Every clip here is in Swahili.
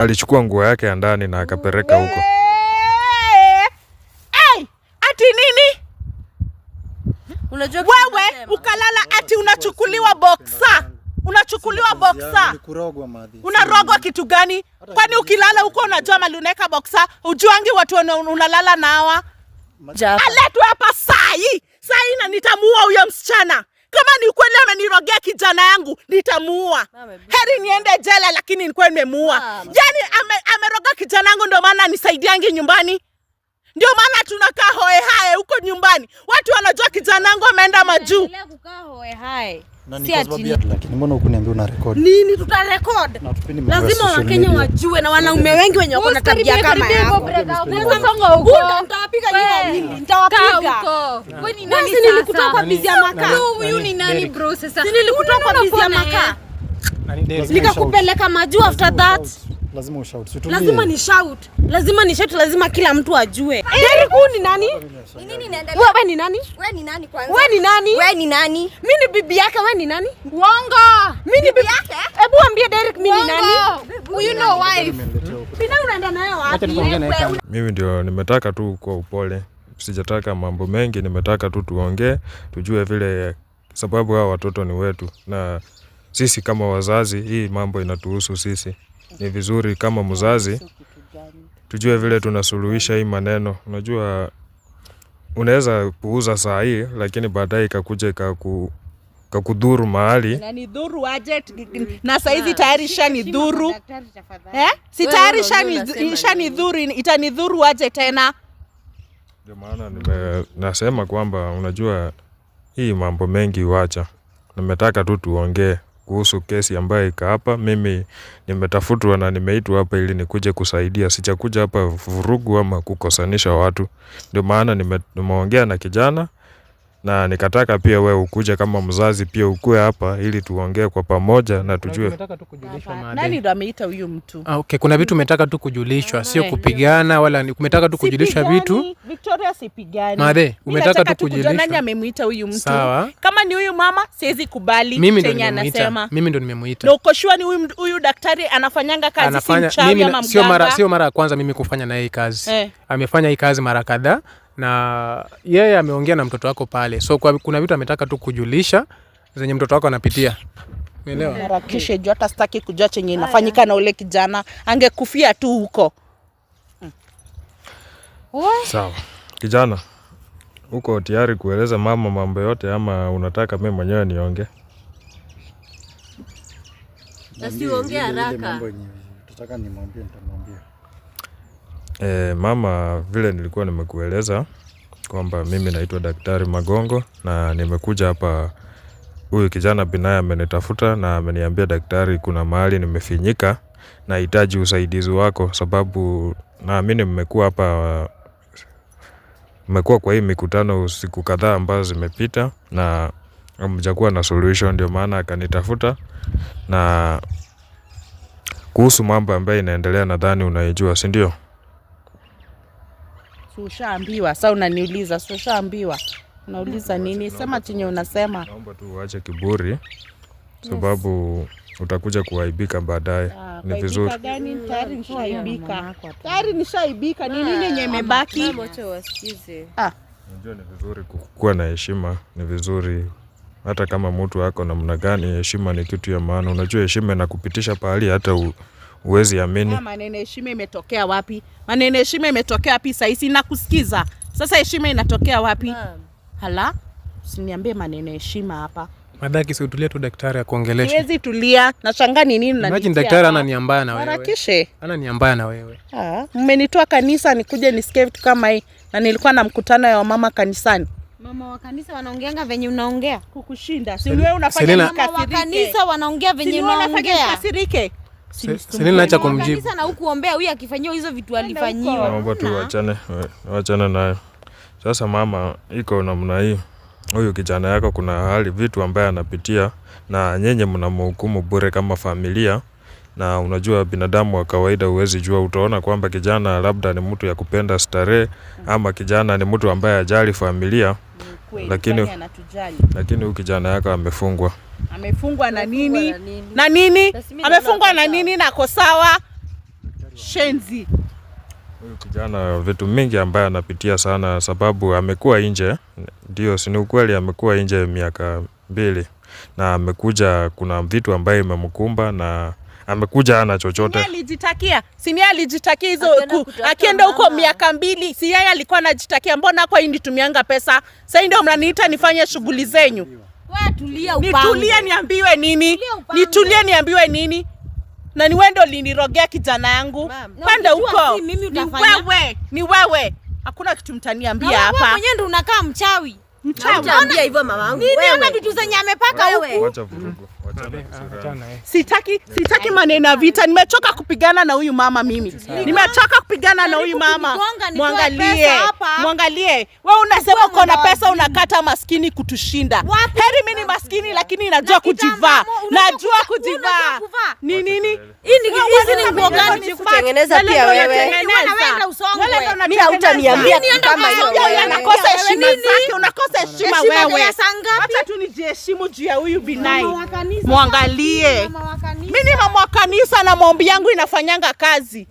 Alichukua nguo yake ya ndani na akapeleka huko. Hey, ati nini? Unajua wewe ukalala ati unachukuliwa boksa, unachukuliwa boksa, unarogwa kitu gani? Kwani ukilala huko unajua mali unaweka boksa? Ujuangi watu unalala nawa Aletwe hapa saa hii saa hii na nitamuua huyo msichana. Kama ni kweli amenirogea kijana yangu nitamuua. Heri niende jela, lakini ni kweli nimemuua. Yaani, ame, amerogea kijana yangu, ndio maana nisaidiangi nyumbani. Ndio maana tunakaa hoe hae huko nyumbani, watu wanajua kijana wangu ameenda majuu. Mbona hukuniambia una rekodi? Nini tuta record? Lazima Wakenya wajue na wanaume wengi wenye wako na tabia kama yako. Nilikutoa kwa bizi ya makaa. Huyu ni nani bro sasa? Nilikutoa kwa bizi ya makaa nikakupeleka majuu after that lazima ushout, lazima ni shout, lazima ni shout, lazima kila mtu ajue Derrick ni nani, wewe ni nani, wewe ni nani kwanza, wewe ni nani, wewe ni nani? Mimi ni bibi yake. Wewe ni nani? Uongo. Mimi ni bibi yake. Hebu ambie Derrick mimi ni nani? You know why? Bila unaenda naye wapi? Mimi ndio nimetaka tu kwa upole, sijataka mambo mengi, nimetaka tu tuongee, tujue vile, sababu hao watoto ni wetu na sisi kama wazazi, hii mambo inatuhusu sisi. Ni vizuri kama mzazi tujue vile tunasuluhisha hii maneno. Unajua, unaweza kuuza saa hii, lakini baadaye ikakuja ikaku kakudhuru mahali na nidhuru aje, na tayari ah, ishanidhuru eh? si tayari itanidhuru aje tena? Ndio maana nime nasema kwamba unajua hii mambo mengi wacha, nimetaka tu tuongee kuhusu kesi ambayo iko hapa. Mimi nimetafutwa na nimeitwa hapa ili nikuje kusaidia. Sijakuja hapa vurugu ama kukosanisha watu. Ndio maana nimeongea na kijana na nikataka pia we ukuje kama mzazi pia ukue hapa ili tuongee kwa pamoja na tujue. Nani ndo ameita huyu mtu? Ah, okay. Kuna vitu umetaka tu kujulishwa, ah, sio kupigana wala umetaka tu kujulishwa vitu. Victoria sipigani. Madhe, umetaka tu kujulishwa. Nani amemuita huyu mtu? Sawa. Kama ni huyu mama siwezi kubali chenye anasema. Mimi ndo nimemuita. Na uko sure ni huyu huyu daktari anafanyanga kazi Anafanya, si mchawi ama mganga? Sio mara sio mara ya kwanza mimi kufanya na yeye kazi. Eh. Amefanya hii kazi mara kadhaa na yeye yeah, ameongea na mtoto wako pale, so kwa, kuna vitu ametaka tu kujulisha zenye mtoto wako anapitia umeelewa? Harakishe juu hata sitaki kujua chenye inafanyika na ule kijana, angekufia tu huko. Sawa kijana, uko tayari kueleza mama mambo yote ama unataka mimi mwenyewe niongee? Nasiongea haraka, Tutaka nimwambie, nitamwambia E, mama, vile nilikuwa nimekueleza kwamba mimi naitwa Daktari Magongo na nimekuja hapa. Huyu kijana Binaya amenitafuta na ameniambia, daktari, kuna mahali nimefinyika, nahitaji usaidizi wako, sababu naamini mmekuwa hapa, mmekuwa kwa hii mikutano siku kadhaa ambazo zimepita na mjakuwa na solution, ndio maana akanitafuta na kuhusu mambo ambayo inaendelea, nadhani unaijua, si ndio? si ushaambiwa? Sasa unaniuliza si ushaambiwa? Unauliza nini? Sema chenye unasema. Naomba tu uache kiburi sababu yes. Utakuja kuaibika baadaye. Ah, ni vizuri tayari nishaibika, tayari nishaibika. Ni nini yenye imebaki? Ah. Unajua, ni vizuri kuwa na heshima, ni vizuri hata kama mtu ako namna gani, heshima ni kitu ya maana. Unajua, heshima inakupitisha pahali hata u... Uwezi amini. Maneno heshima imetokea wapi? Maneno heshima imetokea wapi? Sasa hizi nakusikiza. Sasa heshima inatokea wapi? Hala, usiniambie maneno heshima hapa. Madhaki si utulia tu daktari akuongeleshe. Siwezi tulia. Nashangaa ni nini na unanitia. Imagine daktari ana niambaya na wewe. Harakishe. niambaya na wewe. Ah, mmenitoa kanisa nikuje nisikie vitu kama hii na nilikuwa na mkutano ya wamama kanisani. Mama wa kanisa wanaongeanga venye unaongea. Kukushinda. Si wewe unafanya nikasirike. Mama wa kanisa wanaongea venye unaongea. Si wewe unafanya nikasirike. Selina acha kumjibu hukuombea huyu akifanyiwa hizo vitu alifanyiwa. Naomba tu wachane, wachane nayo sasa. Mama, iko namna hii, huyu kijana yako kuna hali vitu ambaye anapitia, na nyenye mnamhukumu bure kama familia na unajua binadamu wa kawaida huwezi jua. Utaona kwamba kijana labda ni mtu ya kupenda starehe ama kijana ni mtu ambaye ajali familia, lakini lakini huyu kijana yako amefungwa amefungwa na nini na nini, amefungwa na nini, nako sawa. Shenzi huyu kijana vitu mingi ambaye anapitia sana, sababu amekuwa nje. Ndio, si ni ukweli, amekuwa nje miaka mbili na amekuja, kuna vitu ambaye imemkumba na amekuja ana chochote. Alijitakia sinia, alijitakia hizo akienda huko miaka mbili, si yeye alikuwa anajitakia, mbona kwa hindi tumianga pesa? Sasa ndio mnaniita nifanye shughuli zenyu Nitulie niambiwe nini? Nitulie niambiwe nini? Na ni wewe ndo linirogea kijana yangu kwenda huko. Ni wewe, ni wewe. Hakuna kitu mtaniambia hapa. Wewe mwenyewe ndio unakaa mchawi. Mchawi. Mchawi. Hivyo mama wangu. Nini ona vitu zenye amepaka huko? Acha vurugu. Eh. Sitaki, sitaki maneno ya vita. Nimechoka kupigana na huyu mama mimi, nimechoka kupigana na yaani huyu mama. Mwangalie, mwangalie we unasema uko na pesa, unakata maskini kutushinda. Heri mimi ni maskini, lakini najua kujivaa, najua kujivaa. Ni nini kutengeneza? Pia wewe hutaniambia kama hiyo, unakosa heshima zake, unakosa heshima wewe. hata tu nijiheshimu juu ya huyu Binai mwangalie. Mimi ni mama wa kanisa na maombi yangu inafanyanga kazi.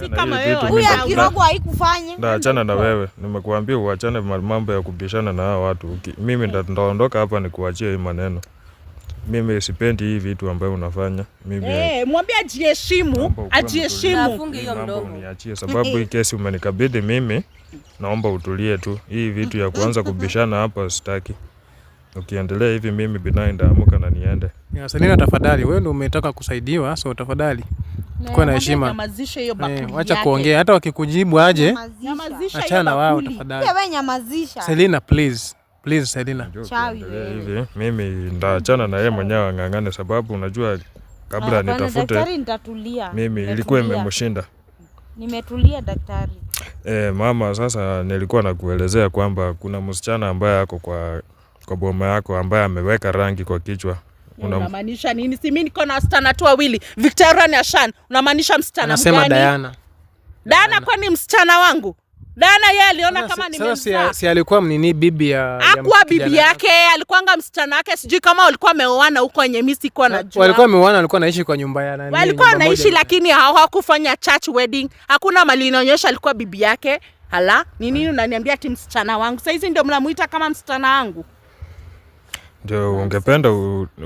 Si kama wewe huyu akirogo haikufanye. Na achana na wewe, nimekuambia uachane mambo ya kubishana na hao watu. Mimi ndaondoka hapa nikuachie hii maneno. Mimi sipendi hii vitu ambayo unafanya. Mimi eh, mwambie ajiheshimu, ajiheshimu. Afunge hiyo mdomo. Niachie sababu hii kesi umenikabidhi mimi. Naomba utulie tu. Hii vitu ya kuanza kubishana hapa sitaki. Ukiendelea hivi mimi binai ndaamuka na niende. Ya, Selina tafadhali, wewe ndo umetaka kusaidiwa, so tafadhali kuwa na heshima. Eh, wacha kuongea, hata wakikujibu aje, achana na wao tafadali. Selina, please. Please, Selina. Hivi mimi ndaachana na yeye mwenyewe ang'ang'ane, sababu unajua kabla nitafute mimi ilikuwa imemshinda. Nimetulia daktari. Eh, mama, sasa nilikuwa nakuelezea kwamba kuna msichana ambaye ako kwa kwa boma yako ambaye ameweka rangi kwa kichwa yaani unamaanisha una nini? Si mimi niko na wasichana tu wawili, Victoria na Shan. Unamaanisha msichana mgani? Dayana, Diana. Dayana kwani msichana wangu Dana yeye aliona kama nimemsaa. Si alikuwa mnini bibi ya akuwa ya bibi yake, alikuwanga msichana wake. Sijui kama walikuwa wameoana huko kwenye mimi sikuwa najua. Walikuwa wameoana, walikuwa naishi kwa nyumba ya nani? Walikuwa anaishi lakini hawakufanya church wedding. Hakuna mali inaonyesha alikuwa bibi yake. Hala, ni nini unaniambia ati msichana wangu? Sasa hizi ndio mnamuita kama msichana wangu. Ndio ungependa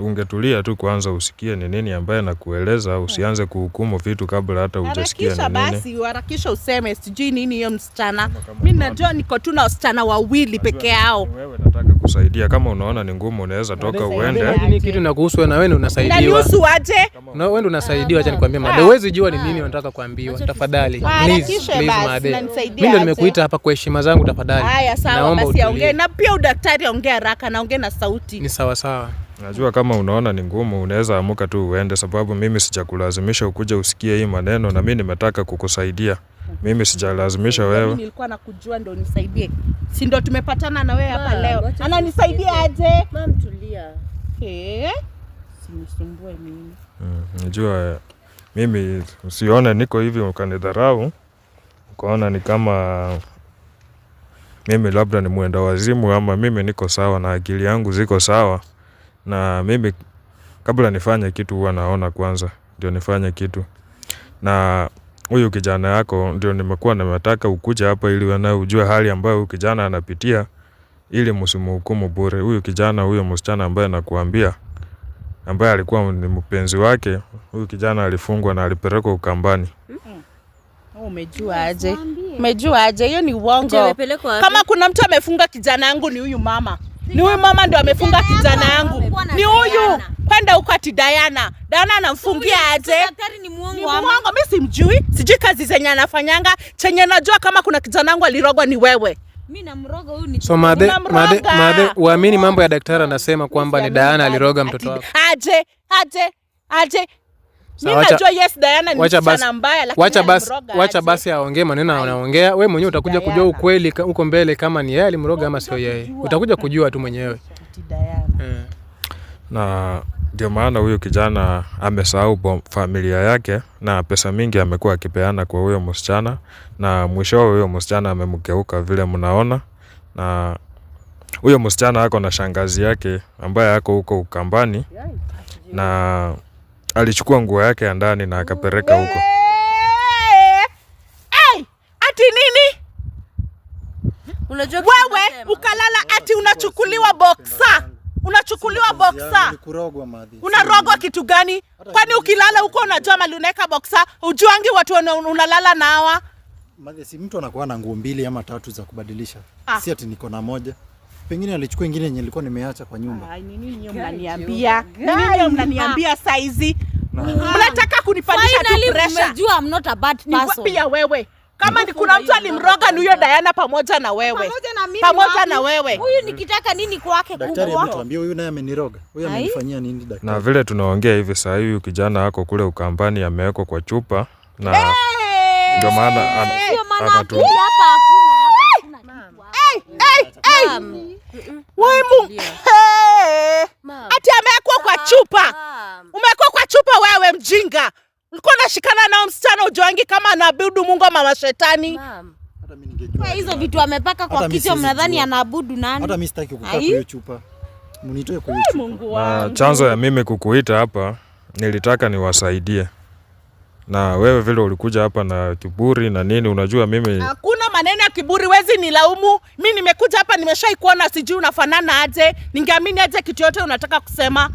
ungetulia tu kwanza usikie ni nini ambaye nakueleza, usianze hmm. kuhukumu vitu kabla hata hujasikia ni nini. Basi harakisha useme sijui nini hiyo msichana. Mimi najua niko tu na wasichana wawili peke yao. Wewe nataka kukusaidia. Kama unaona ni ngumu, unaweza toka uende. Ni kitu na kuhusu wewe, na wewe unasaidiwa. Na nihusu aje? Na wewe ndio unasaidiwa, acha nikwambie mada. Ah. Huwezi jua ni nini unataka ah. kuambiwa. Tafadhali. Please, please mada. Mimi ndio nimekuita hapa kwa heshima zangu tafadhali. Haya, sawa basi aongee. Na pia udaktari aongee haraka na aongee na sauti. Ni sawa sawa. Najua kama unaona ni ngumu, unaweza amuka tu uende, sababu mimi sijakulazimisha ukuje usikie hii maneno, na mimi nimetaka kukusaidia. Mimi sijalazimisha yaani wewe. Mimi nilikuwa nakujua ndo nisaidie, si ndo tumepatana na wewe hapa leo. Ananisaidie aje? Mama tulia. Eh, sinisumbue mimi. Mm, Najua mimi, usione niko hivi ukanidharau ukaona ni kama mimi labda ni mwenda wazimu, ama mimi niko sawa na akili yangu ziko sawa, na mimi kabla nifanye kitu huwa naona kwanza ndio nifanye kitu na huyu kijana yako, ndio nimekuwa nimetaka ukuja hapa ili wewe ujue hali ambayo huyu kijana anapitia, ili msimhukumu bure. Huyu kijana, huyo msichana ambaye nakuambia, ambaye alikuwa ni mpenzi wake, huyu kijana alifungwa na alipelekwa Ukambani. Hmm. Oh, umejua aje? Umejua aje? Hiyo ni uongo. Kama kuna mtu amefunga kijana yangu ni huyu mama, ni huyu mama ndio amefunga kijana yangu, ni huyu kwenda huko ati Diana. Diana anamfungia aje? Daktari ni muongo. Ni muongo, mimi simjui. Sijui kazi zenye anafanyanga. Chenye najua kama kuna kijana wangu alirogwa ni wewe. Mimi namroga huyu ni. So made made made uamini mambo ya daktari anasema kwamba ni Diana aliroga mtoto wako. Aje? Aje? Aje? Wacha basi aongee maneno anaongea. We mwenyewe utakuja kujua ukweli huko mbele, kama ni yeye alimroga ama sio yeye. Utakuja kujua tu mwenyewe eh. na ndio maana huyu kijana amesahau familia yake na pesa mingi amekuwa akipeana kwa huyo msichana na mwishowe huyo msichana amemgeuka vile mnaona na huyo msichana ako na shangazi yake ambaye ako huko Ukambani na alichukua nguo yake ya ndani na akapeleka huko. Hey, ati nini? Wewe ukalala ati unachukuliwa boksa unachukuliwa boksa, unarogwa kitu gani? Kwani ukilala huko unajua mali unaweka boksa, ujuangi watu unalala na hawa si mtu anakuwa na nguo mbili ama tatu za kubadilisha ah. Si ati niko na moja, pengine alichukua ingine yenye nilikuwa nimeacha kwa nyumba. nini mnaniambia? Nini mnaniambia saizi? Mnataka kunipandisha tu pressure. Pia wewe kama ni kuna mtu alimroga ni huyo Diana pamoja na wewe. Pamoja na mimi. Pamoja na wewe. Huyu nikitaka nini kwake kubwa? Daktari ametuambia huyu naye ameniroga. Huyu amenifanyia nini daktari? Na vile tunaongea hivi saa hii kijana wako kule Ukambani amewekwa kwa chupa na ndio maana anatumia hapa hakuna hapa hakuna. Hey, hey, hey. Wewe Mungu. shikana nao msichana ujoangi kama anaabudu Mungu ama mashetani. Hizo vitu amepaka kwa kichwa, mnadhani anaabudu nani? Hata mimi sitaki kukaa kwa chupa. Mnitoe kwa Chanzo ya mimi kukuita hapa nilitaka niwasaidie na wewe vile ulikuja hapa na kiburi na nini, unajua mimi hakuna maneno ya kiburi, wezi nilaumu mimi. Nimekuja hapa nimeshaikuona, sijui unafanana aje, ningeamini aje kitu yote unataka kusema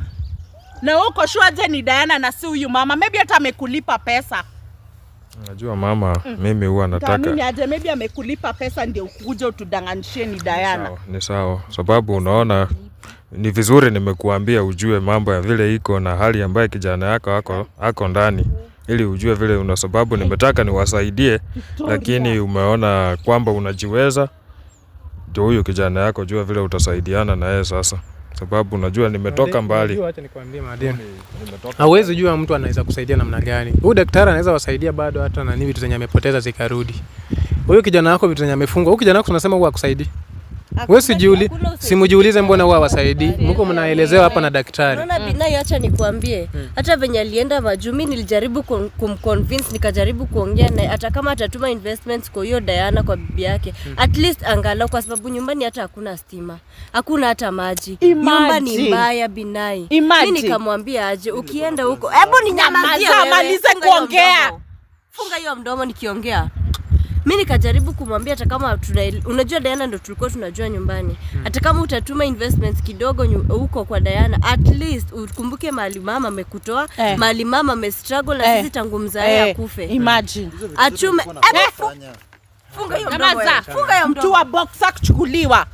na huko je ni Diana na si huyu mama, maybe hata amekulipa pesa. Najua mama mm. Mimi huwa nataka aje, maybe amekulipa pesa ndio ukuje utudanganishie ni Diana. Ni sawa, sababu unaona ni vizuri nimekuambia ujue mambo ya vile iko na hali ambaye kijana yako ako, ako ndani ili ujue vile una sababu nimetaka niwasaidie, lakini umeona kwamba unajiweza, ndio huyu kijana yako, jua vile utasaidiana na yeye sasa sababu najua nimetoka mbali. hauwezi jua mtu anaweza kusaidia namna gani. Huyu daktari anaweza wasaidia bado hata nanii vitu zenye amepoteza zikarudi. Huyu kijana wako vitu zenye amefungwa, huyu kijana wako tunasema huwa akusaidii wewe sijiuli simujiulize, mbona wao wasaidi, mko mnaelezewa hapa na daktari. Unaona Binai, acha nikuambie, hmm. hata venye alienda majumi, nilijaribu kumconvince, nikajaribu kuongea naye, hata kama atatuma investments kwa hiyo Diana, kwa bibi yake, hmm. at least angalau, kwa sababu nyumbani hata hakuna stima, hakuna hata maji, nyumba ni mbaya Binai. Mimi nikamwambia aje, ukienda huko, hebu ninyamazie, Maliza kuongea, funga hiyo mdomo nikiongea mi nikajaribu kumwambia hata kama tuna, unajua Diana ndo tulikuwa tunajua nyumbani hmm. Hata kama utatuma investments kidogo huko kwa Diana, at least ukumbuke mali mama amekutoa eh. Mali mama amestruggle na eh. sisi eh. Tangu mzae eh. Akufe imagine achume eh, mtu wa kuchukuliwa.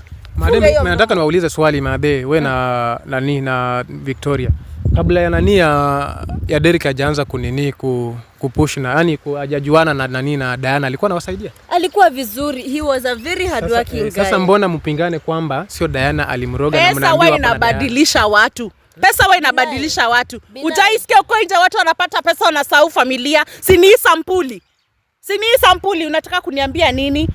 nataka niwaulize swali mabe, we na nani na Victoria kabla ya nani ya Derrick ajaanza kunini ku kupush na yani hajajuana na nani na Diana, alikuwa anawasaidia, alikuwa vizuri, he was a very hard eh, working guy. Sasa mbona mpingane kwamba sio Diana alimroga na mnaambiwa hapa, inabadilisha watu pesa wa inabadilisha watu. Utaisikia uko nje watu wanapata pesa wanasahau familia. Si ni sampuli, si ni sampuli. Unataka kuniambia nini?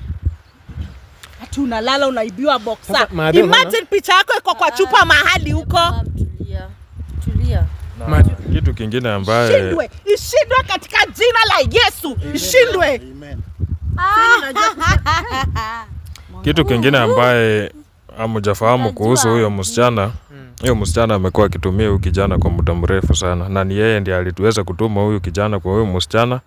Hati unalala unaibiwa boxer. Imagine picha yako iko kwa chupa mahali huko Ma, kitu kingine ambaye ishindwe, ishindwe katika jina la Yesu, ishindwe. Ah. Kitu kingine ambaye amujafahamu kuhusu huyo msichana mm. huyo msichana amekuwa akitumia huyu kijana kwa muda mrefu sana, na ni yeye ndiye alituweza kutuma huyu kijana kwa huyu msichana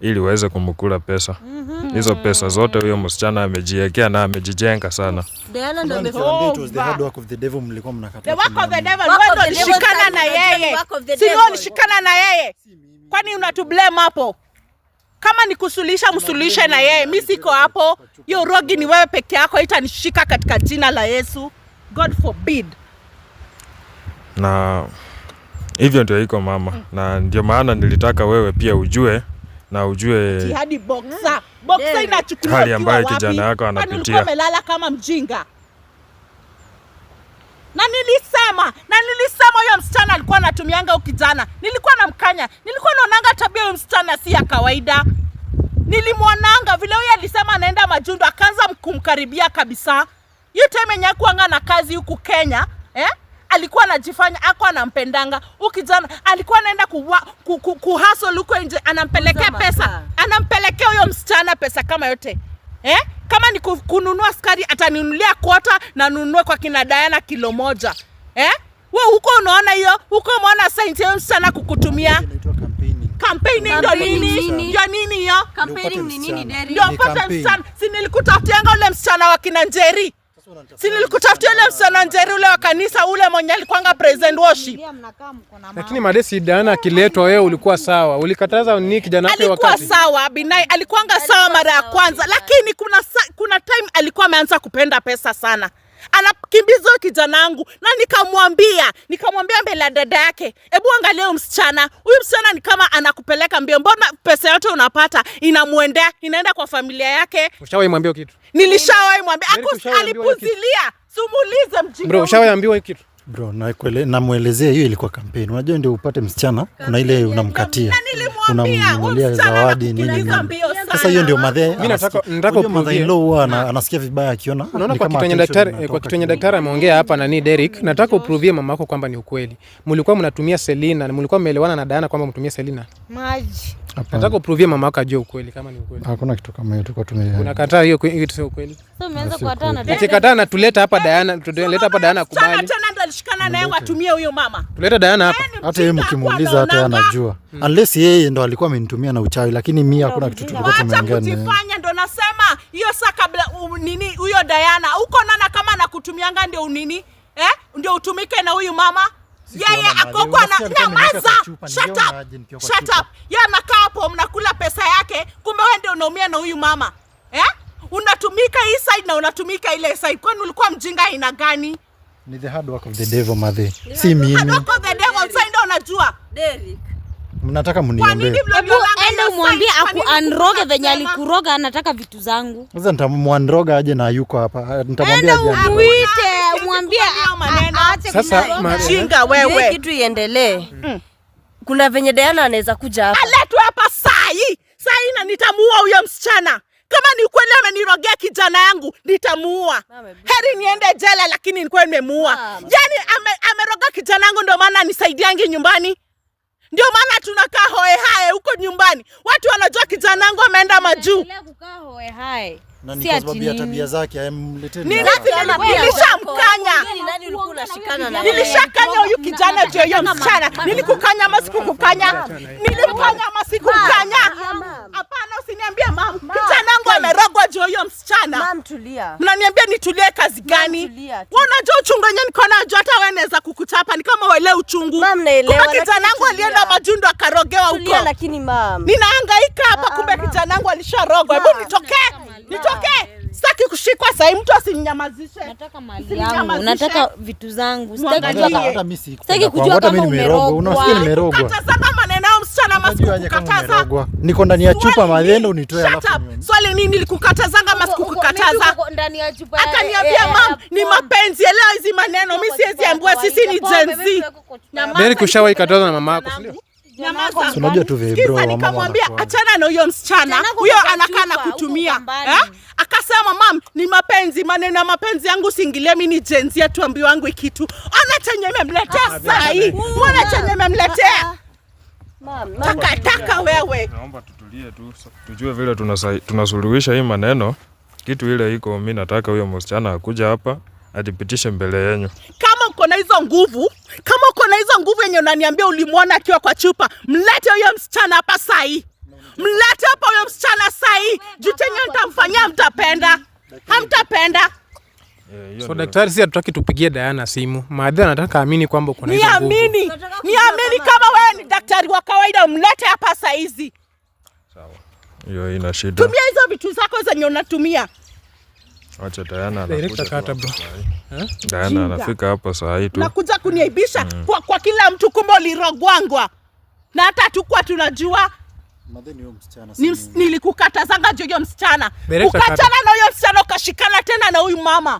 ili uweze kumkula pesa mhm. hizo mm -hmm. Pesa zote huyo msichana amejiekea na amejijenga sana. Ulishikana na yeye, ulishikana na yeye, kwani hapo? Kama ni kusuluhisha, msuluhishe na yeye. Mi siko hapo, hiyo rogi ni wewe peke yako, itanishika katika jina la Yesu, God forbid. Na hivyo ndio iko mama, na ndio maana nilitaka wewe pia ujue na ujue jihadi hali ambayo kijana yako anapitia. Amelala kama mjinga na nilisema na nilisema huyo msichana alikuwa anatumianga kijana nilikuwa namkanya, nilikuwa naonanga tabia huyo msichana si ya kawaida, nilimwonanga vile huyo alisema anaenda majundo, akaanza kumkaribia kabisa. Hiyo time yenye kuanga na kazi huku Kenya eh? alikuwa anajifanya ako anampendanga ukijana, alikuwa anaenda kuhasol huko nje, anampelekea pesa, anampelekea huyo msichana pesa kama yote eh? Kama ni kununua sukari ataninunulia kota na nunue kwa kina dayana kilo moja eh? We huko unaona hiyo huko, umeona sainti yo msichana kukutumia kampeni ndio nini? Ndio nini hiyo? nini? Ndio pata msichana, si ule msichana wa kina Njeri Si nilikutafutia ule msichana njeri ule wa kanisa ule mwenye alikwanga present worship. Lakini Madesi Dana akiletwa wewe ulikuwa sawa. Ulikataza ni kijana wake wakati. Alikuwa sawa Binai, alikuanga sawa mara ya kwanza, lakini kuna kuna time alikuwa ameanza kupenda pesa sana. Anakimbiza kijana wangu na nikamwambia, nikamwambia mbele ya dada yake, hebu angalia huyu msichana. Huyu msichana ni kama anakupeleka mbio. Mbona pesa yote unapata inamuendea, inaenda kwa familia yake? Ushawahi mwambia kitu? Nilishawahi mwambia alipuzilia, sumulize mjinga. Bro, ushawahi ambiwa hiyo kitu? Bro, namwelezea hiyo ilikuwa kampeni. Unajua ndio upate msichana kuna ile unamkatia unamnunulia zawadi nini nini. Sasa hiyo ndio madhe. Mimi nataka nataka madhe huwa anasikia vibaya akiona. Unaona kwa kitu daktari kwa kitu daktari ameongea hapa na ni Derek, nataka uprovie mama wako kwamba ni ukweli. Mlikuwa mnatumia Selina, mlikuwa mmeelewana na Diana kwamba mtumie Selina. Maji. Nataka kupruvia mama wako ajue ukweli kama ni ukweli. Hakuna kitu kama hiyo tuko tume. Unakataa hiyo kitu sio ukweli. Sasa umeanza kukataa na Diana. na tuleta hapa Diana, tuleta hapa Diana kubali. Tena tena ndo alishikana naye watumie huyo mama. Tuleta Diana yaani hapa. Hata yeye mkimuuliza hata anajua. Unless yeye ndo alikuwa amenitumia na uchawi lakini mimi hakuna kitu tulikuwa tumeongea. Acha kujifanya ndo nasema hiyo saa kabla nini huyo Diana. Uko nana kama nakutumianga ndio nini? Eh? Ndio utumike na huyu mama yeye akoko ananyamaza. Shut up, shut up. Yeye anakaa hapo, mnakula pesa yake, kumbe wewe ndio unaumia na huyu mama eh? Unatumika hii side na unatumika ile side, kwani ulikuwa mjinga aina gani? Ni the hard work of the devil mother si mimi. Hard work of the devil, sasa ndio unajua Derek. Mnataka mniombe. Hebu umwambie aku unroge venye alikuroga, anataka vitu zangu. Sasa nitamwandroga aje na yuko hapa. Nitamwambia aje. Mwite, umwambie sasa chinga wewe, kitu iendelee. Mm. Kuna venye Diana anaweza kuja hapa. Aletwe hapa sai. Sai na nitamuua huyo msichana. Kama ni kweli amenirogea kijana yangu, nitamuua. Heri niende jela, lakini nilikuwa nimemuua. Yaani ameroga kijana yangu, ndio maana nisaidiange nyumbani. Ndio maana tunakaa hoe hae huko nyumbani, watu wanajua kijana wangu ameenda majuu. Nilishamkanya, nilishakanya huyu kijana juu hiyo msichana. Nilikukanya ama sikukukanya? Nilimkanya ama Hapana, usiniambie mama, kijana wangu mnaniambia nitulie kazi gani? Unajua uchungu wenyewe niko najua, hata wewe naweza kukuchapa. Ni kama waelewe uchungu. Kumbe kijanangu alienda majundo akarogewa huko, ninahangaika hapa, ah, kumbe ah, kijanangu alisharogwa. Hebu nitokee, nitokee. Sitaki kushikwa sasa, mtu asinyamazishe. Nataka mali yangu, nataka vitu zangu, sitaki kujua kama umerogwa. Unasikia nimerogwa. Kata sana maneno msichana masikukukataza. Niko ndani ya chupa madhenda unitoe alafu. Swali nini likukatazanga masikukukataza? Akaniambia mam, ni mapenzi, elewa hizi maneno. Mi siwezi ambua sisi ni jenzi. Z. Beri kushawahi katazwa na mama yako, sio? Unajua tu vile bro, nikamwambia achana na huyo msichana huyo, anakaa na kutumia. Eh? Akasema mam, ni mapenzi, maneno ya mapenzi yangu singilie, mimi ni jenzi yetu, ambiwangu kitu. Ona chenye memletea ah, saa hii, mwana chenye memletea ah, ah takataka wewe. Naomba tutulie tu tujue vile tunasuluhisha hii maneno. Kitu ile iko, mimi nataka huyo msichana akuja hapa ajipitishe mbele yenu. Kama uko na hizo nguvu, kama uko na hizo nguvu yenye unaniambia ulimwona akiwa kwa chupa, mlete huyo msichana hapa saa hii, mlete hapa huyo msichana saa hii. Juu mtapenda, hamtapenda. Yeah, so daktari, si hatutaki tupigie Diana simu, maadhi anataka amini kwamba kuna hizo nguvu. Niamini, niamini kama wewe ni daktari wa kawaida, mlete hapa saa hizi. Sawa, hiyo ina shida. Tumia hizo vitu zako zenye unatumia. Acha Diana anakuja kata bro. Diana anafika hapa saa hii tu. Nakuja kuniaibisha mm. Kwa, kwa kila mtu kumbe ulirogwangwa na hata hatukuwa tunajua nilikukatazanga juu hiyo msichana, ukachana na huyo msichana ukashikana tena na huyu mama.